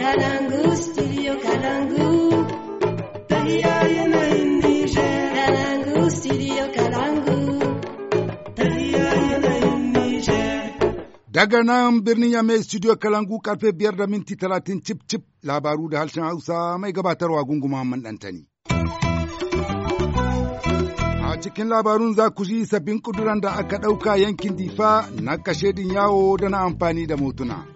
Kalangu, studio Kalangu. Tahia Kalangu, studio Kalangu. Tahia Daga nan birnin mai studio Kalangu karfe biyar da minti talatin cip cip labaru da harshen Hausa mai gabatarwa gunguma man A cikin labarun za ku ji sabbin kuduran da aka ɗauka yankin difa na kashedin yawo da na amfani da motuna.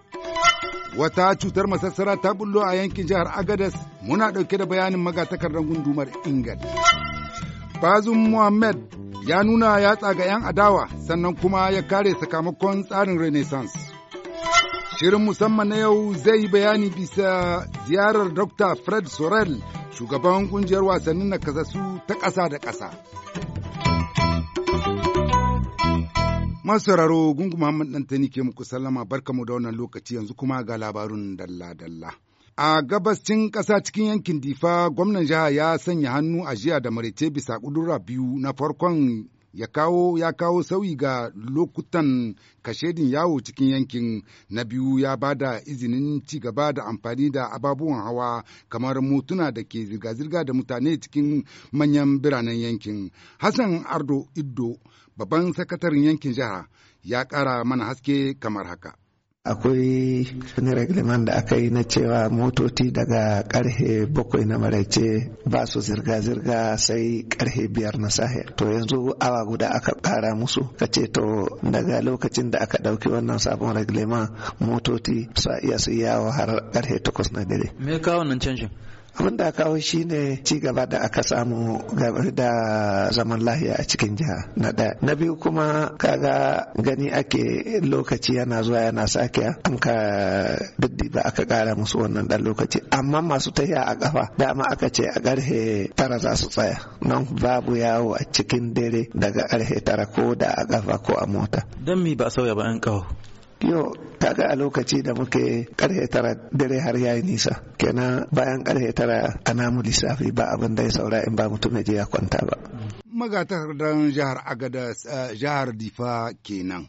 Wata cutar masassara ta bullo a yankin jihar Agadas muna ɗauke da bayanin magatakardar gundumar Ingal. Bazum Muhammad ya nuna ya tsaga 'yan adawa sannan kuma ya kare sakamakon tsarin Renaissance. Shirin musamman na yau zai yi bayani bisa ziyarar Dr. Fred Sorel, shugaban kungiyar wasannin na kasasu ta ƙasa da ƙasa. Masauraro gungu Muhammad Dantani ke muku sallama barka mu da wannan lokaci yanzu kuma ga labarun dalla-dalla. A gabascin ƙasa cikin yankin Difa, gwamnan jiha ya sanya hannu a jiya da maraice bisa ƙudura biyu na farkon ya kawo ya kawo sauyi ga lokutan kashedin yawo cikin yankin na biyu ya ba da izinin ci gaba da amfani da ababuwan hawa kamar motuna da ke zirga-zirga da mutane cikin manyan biranen yankin hassan ardo iddo babban sakataren yankin jihar ya ƙara mana haske kamar haka akwai wani regleman da aka yi na cewa motoci daga karhe bakwai na maraice ba su zirga-zirga sai karhe biyar na sahe to yanzu awa guda aka kara musu ka ce to daga lokacin da aka dauki wannan sabon regleman motoci su iya su yawo har karhe takwas na dare me kawo nan canjin abin da kawo shine ci gaba da aka samu game da zaman lahiya a cikin jiha na ɗaya na biyu kuma kaga gani ake lokaci yana zuwa yana sake an ka ba aka kara musu wannan dan lokaci amma masu tahiya a kafa dama aka ce a karhe tara za su tsaya nan babu yawo a cikin dare daga karhe tara ko da a kafa ko a mota don mi ba sauya ba an kawo yau ta ga a lokaci da muke karhe tara dare har yayi nisa kenan bayan karhe tara a namu lissafi ba abin da ya saura in ba mutum ya kwanta ba magatar dan jihar agada eh, jihar difa kenan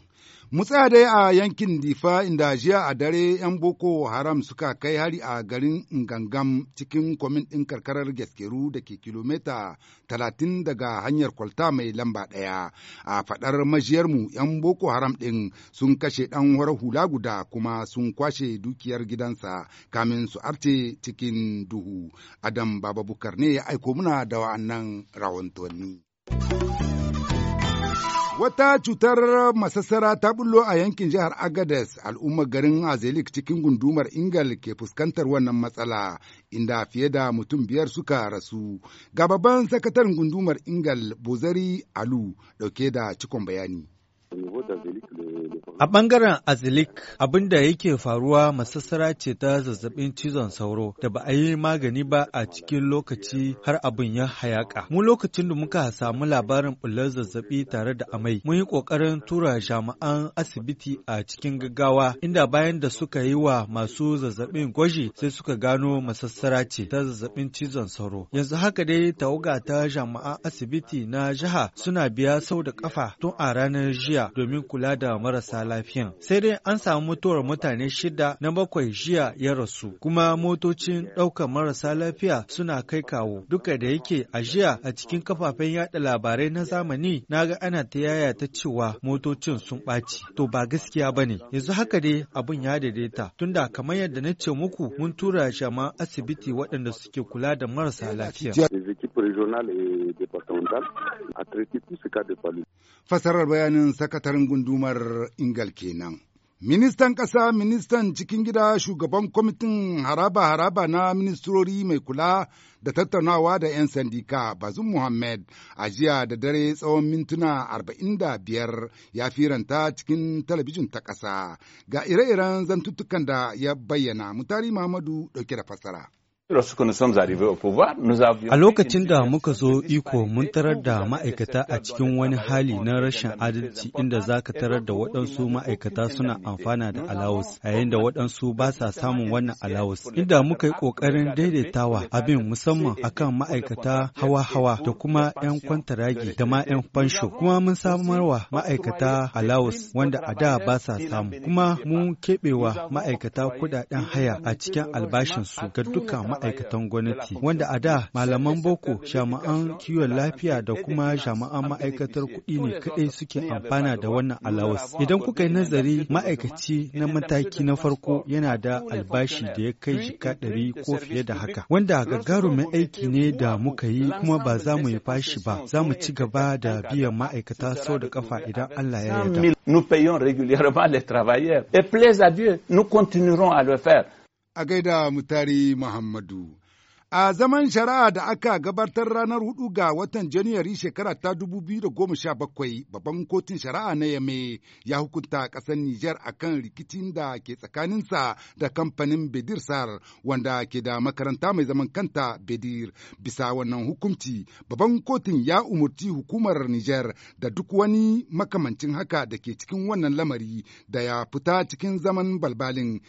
Mutsa dai a yankin Difa inda jiya a dare 'yan Boko Haram suka kai hari a garin Ngangam cikin kwamin ɗin karkarar gaskeru da ke kilomita 30 daga hanyar kwalta mai lamba ɗaya. A faɗar majiyarmu 'yan Boko Haram ɗin sun kashe ɗan war hula guda kuma sun kwashe dukiyar gidansa kamin su arce cikin duhu. Adam Baba Bukar ne ya aiko muna da wa'annan rawantoni. Wata cutar masassara ta bullo a yankin jihar Agadez al'ummar garin Azelik cikin gundumar Ingal ke fuskantar wannan matsala inda fiye da mutum biyar suka rasu. Ga babban sakataren gundumar Ingal Bozari Alu dauke da cikon bayani. A ɓangaren azilik abin da yake faruwa masassara ce ta zazzabin cizon sauro da ba a yi magani ba a cikin lokaci har abin ya hayaka. Mu lokacin da muka samu labarin bullar zazzabi tare da amai, mun yi ƙoƙarin tura jama'an asibiti a cikin gaggawa inda bayan da suka yi wa masu zazzabin gwaji sai suka gano masassara ce ta zazzabin cizon sauro. Yanzu haka dai tawaga ta jami'an asibiti na jiha suna biya sau da kafa tun a ranar jiya domin kula da marasa lafiyan. Sai dai an samu mutuwar mutane shida na bakwai jiya ya rasu, kuma motocin ɗaukar marasa lafiya suna kai kawo. Duka da yake a jiya a cikin kafafen yada labarai na zamani na ga ana ta yaya ta cewa motocin sun ɓaci. To ba gaskiya ba ne. Yanzu haka dai abun ya daidaita. Tunda kamar yadda na ce muku mun tura shama asibiti waɗanda suke kula da marasa lafiya. fasarar bayanin sakataren gundumar Ingal kenan. Ministan ƙasa, ministan cikin gida, shugaban kwamitin haraba-haraba na ministrori mai kula da tattaunawa da 'yan sandika Bazum Muhammad a jiya da dare tsawon mintuna 45 ya firanta cikin talabijin ta ƙasa ga ire-iren zantuttukan da ya bayyana mutari Muhammadu ɗauke da fasara. A lokacin da muka zo iko mun tarar da ma'aikata a cikin wani hali na rashin adalci inda za ka tarar da waɗansu ma'aikata suna amfana da alawus yayin da waɗansu ba sa samun wannan alawus. Inda muka yi ƙoƙarin daidaitawa abin musamman akan ma'aikata hawa-hawa da kuma 'yan kwantaragi da ma 'yan fansho. Kuma mun samarwa ma'aikata alawus wanda a da ba sa samu. Kuma mun keɓewa ma'aikata kuɗaɗen haya a cikin albashinsu ga dukkan ma'aikatan gwamnati wanda a da malaman boko jami'an kiwon lafiya da kuma jami'an ma'aikatar kuɗi ne kaɗai suke amfana da wannan alawas idan kuka yi nazari ma'aikaci na mataki na farko yana da albashi da ya kai jika ɗari ko fiye da haka wanda gagarumin aiki ne da muka yi kuma ba za mu yi bashi ba za mu ci gaba da biyan ma'aikata sau da kafa idan Allah ya yarda. Nous payons régulièrement les travailleurs et plaise à Dieu, nous continuerons à le faire. a gaida mutari Muhammadu. A zaman shari'a da aka gabatar ranar hudu ga watan Janairu shekara ta dubu biyu da goma sha bakwai babban kotun shari'a na Yame ya hukunta ƙasar Nijar a kan rikicin da ke tsakaninsa da kamfanin Bedir Sar wanda ke da makaranta mai zaman kanta Bedir. Bisa wannan hukunci, babban kotun ya umurci hukumar Nijar da duk wani makamancin haka da ke cikin wannan lamari da ya fita cikin zaman balbalin.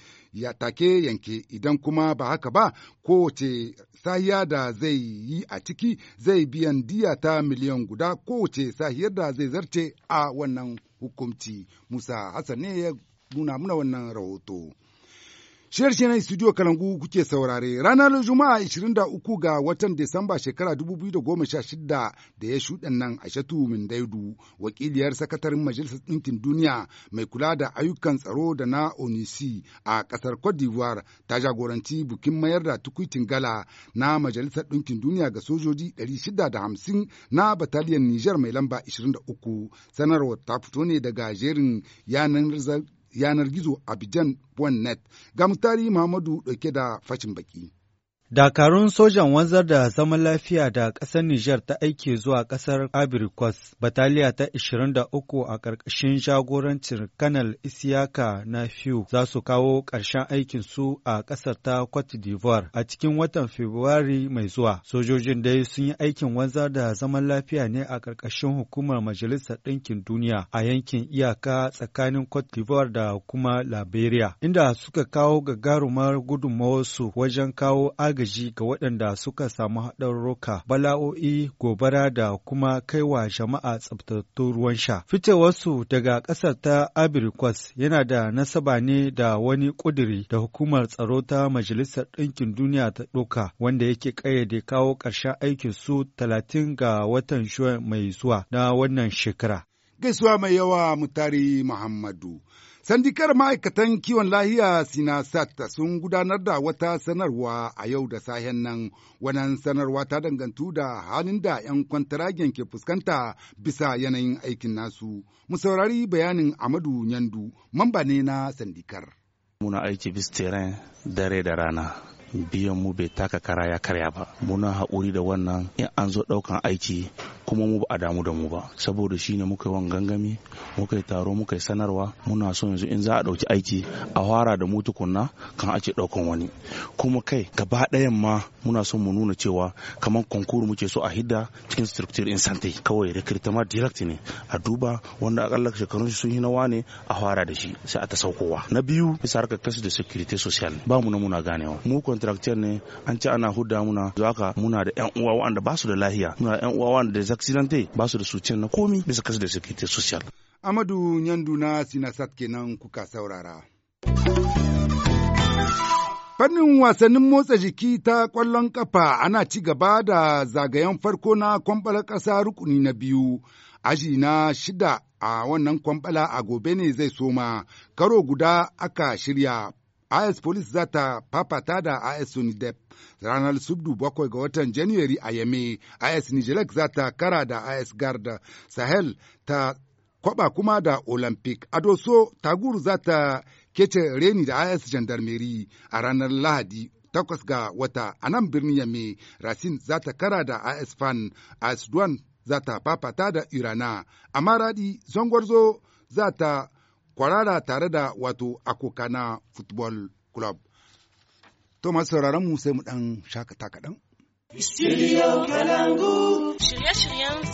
ya take yanke idan kuma ba haka ba kowace sahiya da zai yi a ciki zai biyan diya ta miliyan guda kowace sahiyar da zai zarce a wannan hukumci musa hassan ne ya nuna muna wannan rahoto. shi na studio Kalangu kuke saurare ranar Juma'a 23 ga watan Disamba shekara 2016 da ya shuɗan nan a Shatu Mindaidu, wakiliyar sakatarin Majalisar Ɗinkin Duniya mai kula da ayyukan tsaro da na Onisi a ƙasar Cote d'Ivoire ta jagoranci bukin mayar da tukwitin gala na Majalisar Ɗinkin Duniya ga sojoji 650 na bataliyan Nijar mai lamba 23. Sanarwar ta fito ne daga jerin yanar yanar gizo abidjan.net net ga mutari Muhammadu ɗauke da fashin baki. Dakarun sojan wanzar da zaman lafiya da ƙasar Nijar ta aike zuwa ƙasar Abirikos, bataliya ta 23 a ƙarƙashin jagorancin Kanal Isiyaka na Fiu za su kawo ƙarshen aikinsu a ƙasar ta Cote d'Ivoire a cikin watan Fabrairu mai zuwa. Sojojin dai sun yi aikin wanzar da zaman lafiya ne a ƙarƙashin hukumar Majalisar Ɗinkin Duniya a yankin iyaka tsakanin Cote d'Ivoire da kuma Liberia, inda suka kawo gagarumar gudunmawarsu wajen kawo agaji ga waɗanda suka samu roka, bala'o'i, gobara da kuma kaiwa jama'a tsabtattun ruwan sha. Fitewarsu daga ƙasar ta Abirikwas yana da nasaba ne da wani ƙudiri da hukumar tsaro ta Majalisar Ɗinkin Duniya ta ɗoka, wanda yake ƙayyade kawo ƙarshen aikin su talatin ga watan shuwa mai zuwa na wannan shekara. Gaisuwa mai yawa mutari Muhammadu. Sandikar ma'aikatan kiwon lahiya Sinasat sun gudanar da wata sanarwa a yau da sahen nan, wannan sanarwa ta dangantu da halin da 'yan kwantaragen ke fuskanta bisa yanayin aikin nasu. Mu saurari bayanin Amadu Nyandu, mamba ne na sandikar. Muna aiki bis teren dare da rana. Biyan mu bai taka kara ya karya ba. Muna haƙuri da wannan in an zo ɗaukan aiki kuma mu ba a damu da mu ba saboda shine muka yi wan gangami muka yi taro muka yi sanarwa muna so yanzu in za a ɗauki aiki a fara da mu tukunna kan ake ɗaukan wani kuma kai gaba ɗayan ma muna so mu nuna cewa kamar konkuru muke so a hidda cikin structure in santai kawai recruitment direct ne a duba wanda a kallaka shekarun sun yi nawa ne a fara da shi sai a ta saukowa na biyu bisa harkar kasu da security social ba mu na muna ganewa mu contractor ne an ce ana hudda muna zaka muna da yan uwa wanda ba su da lahiya muna yan uwa wanda accidenté ba su da sucin na komi bisa kasu da security social amadu nyandu na sinasat kenan kuka saurara Fannin wasannin motsa jiki ta ƙwallon ƙafa ana ci gaba da zagayen farko na kwambala ƙasa rukuni na biyu, aji na shida a wannan kwambala a gobe ne zai soma, karo guda aka shirya IS Police za ta fafata da IS Unidep ranar Subdu bakwai ga watan January a Yame, IS Nijelek za ta kara da IS Garda Sahel ta kwaba kuma da Olympic. A so Taguru za ta kece reni da IS Gendarmerie a ranar Lahadi takwas ga wata a nan birnin Yame, Rasin za ta kara da IS Fan, IS Duan za ta fafata da Irana, amma Maradi, Zongwarzo za ta kwarara tare da wato akokana football club to masu sauraron mu sai mu dan shakata kaɗan. Shirye-shiryen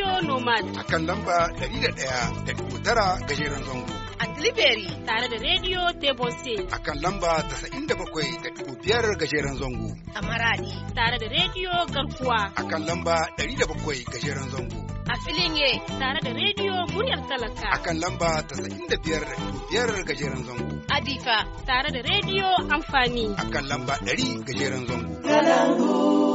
Radio Nomad. A kan lamba ga gajeren zango. A Tilibiri tare da Radio Tebose. A kan lamba 97.5 gajeren zango. A Maradi tare da Radio Garkuwa. A kan lamba 107 gajeren zango. A Filinge tare da Radio Muryar Talaka. A kan lamba 95.5 gajeren zango. A Difa tare da Radio Amfani. A kan lamba 100 gajeren zango. Kalangu.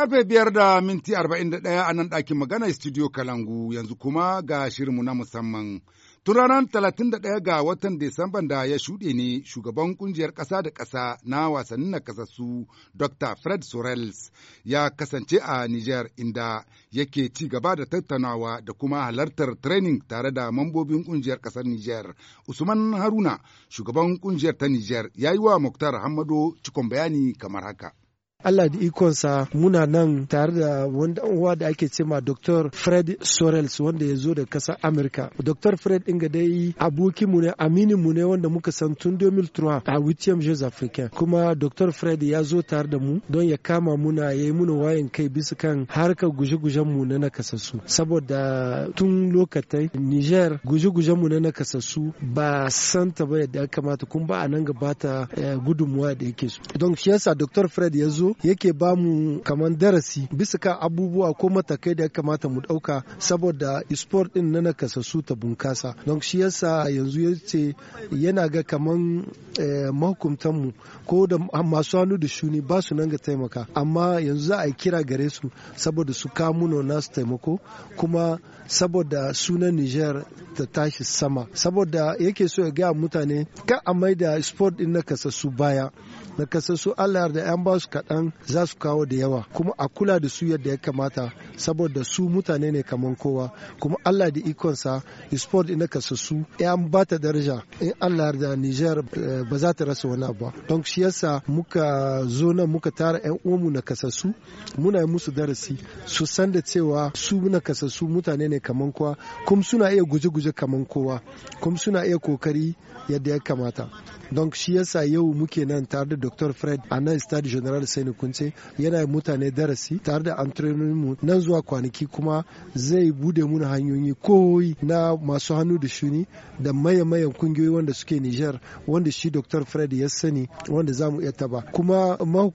Karfe biyar da minti arba'in da ɗaya a nan ɗakin magana studio Kalangu yanzu kuma ga shirinmu na musamman. Tun ranar ɗaya ga watan Disamban da ya shuɗe ne shugaban ƙungiyar ƙasa da ƙasa na wasannin nakasassu Dr. Fred Sorels ya kasance a Niger inda yake ci gaba da tattaunawa da kuma halartar training tare da mambobin ƙungiyar ƙasar Niger. Usman Haruna, shugaban ƙungiyar ta Niger, ya yi wa Muktar Hamado cikon bayani kamar haka. Allah da ikonsa muna nan tare da wanda uwa da ake cema Dr. Fred Sorels wanda ya zo da kasar Amerika Dr. Fred inga dai aboki mu ne amini mu ne wanda muka san tun 2003 a Witiam Jeux Africain. Kuma Dr. Fred ya zo tare da mu don ya kama muna ya yi muna wayan kai bisa kan harkar guje-gujen mu na nakasassu. Saboda tun lokacin Niger guje-gujen mu na nakasassu ba san ta ba yadda ya kamata kuma ba a nan gabata eh, gudunmuwa da yake su. Don shi yasa Dr. Fred ya zo yake ba mu kamar darasi bisa kan abubuwa ko matakai da ya kamata mu ɗauka saboda sport ɗin na nakasassu ta bunkasa don shi yasa yanzu ya ce yana ga kaman eh, mu ko da masu hannu da shuni ba su nan ga taimaka amma yanzu za a yi kira gare su saboda su kamuno nasu taimako kuma saboda sunan niger ta tashi sama saboda yake so ya gaya mutane ka a maida sport ɗin na kasassu baya na kasar su Allah da yan ba su kaɗan za su kawo da yawa kuma a kula da su yadda ya kamata saboda su mutane ne kamar kowa kuma Allah da ikonsa sport na kasar su yan ba ta daraja in Allah da Niger eh, ba za ta rasa wani abu don shi yasa muka zo nan muka tara yan uwanmu na kasar su muna musu darasi su san da cewa su na kasar su mutane ne kamar kowa kuma suna iya guje-guje kamar kowa kuma suna iya kokari yadda ya kamata don shi yasa yau muke nan tare da Dr. Fred a nan Stade General Sani Kunce yana mutane darasi tare da mu nan zuwa kwanaki kuma zai bude muna hanyoyi ko na masu hannu da shuni da maye-mayen kungiyoyi wanda suke Niger wanda shi Dr. Fred ya sani wanda za mu iya taba kuma mu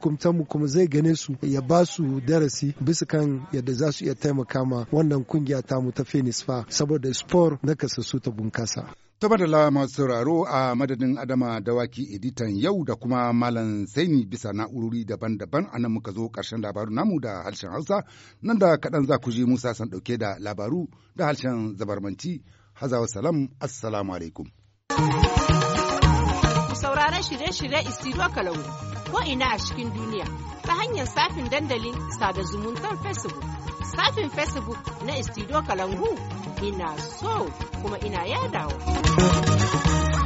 kuma zai gane su ya ba su darasi bisa kan yadda za su iya taimaka ma wannan kungiya ta mu ta Fenisfa saboda sport na kasassu ta bunkasa. saboda da masu sauraro a madadin Adama Dawaki editan yau da kuma Malam Saini bisa na'urori daban-daban a nan muka zo ƙarshen labaru namu da harshen Hausa nan da kaɗan za ku ji Musa san ɗauke da labaru da harshen zabarmanci. Hazawa salam, assalamu alaikum. Sauraron shirye-shirye Isiro Kalau ko ina a cikin duniya ta hanyar safin dandalin sada zumuntar Facebook. shafin facebook na istido kalangu ina so kuma ina yadawa.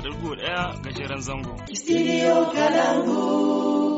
da ɗaya gajeren zango. Studio Kalangu.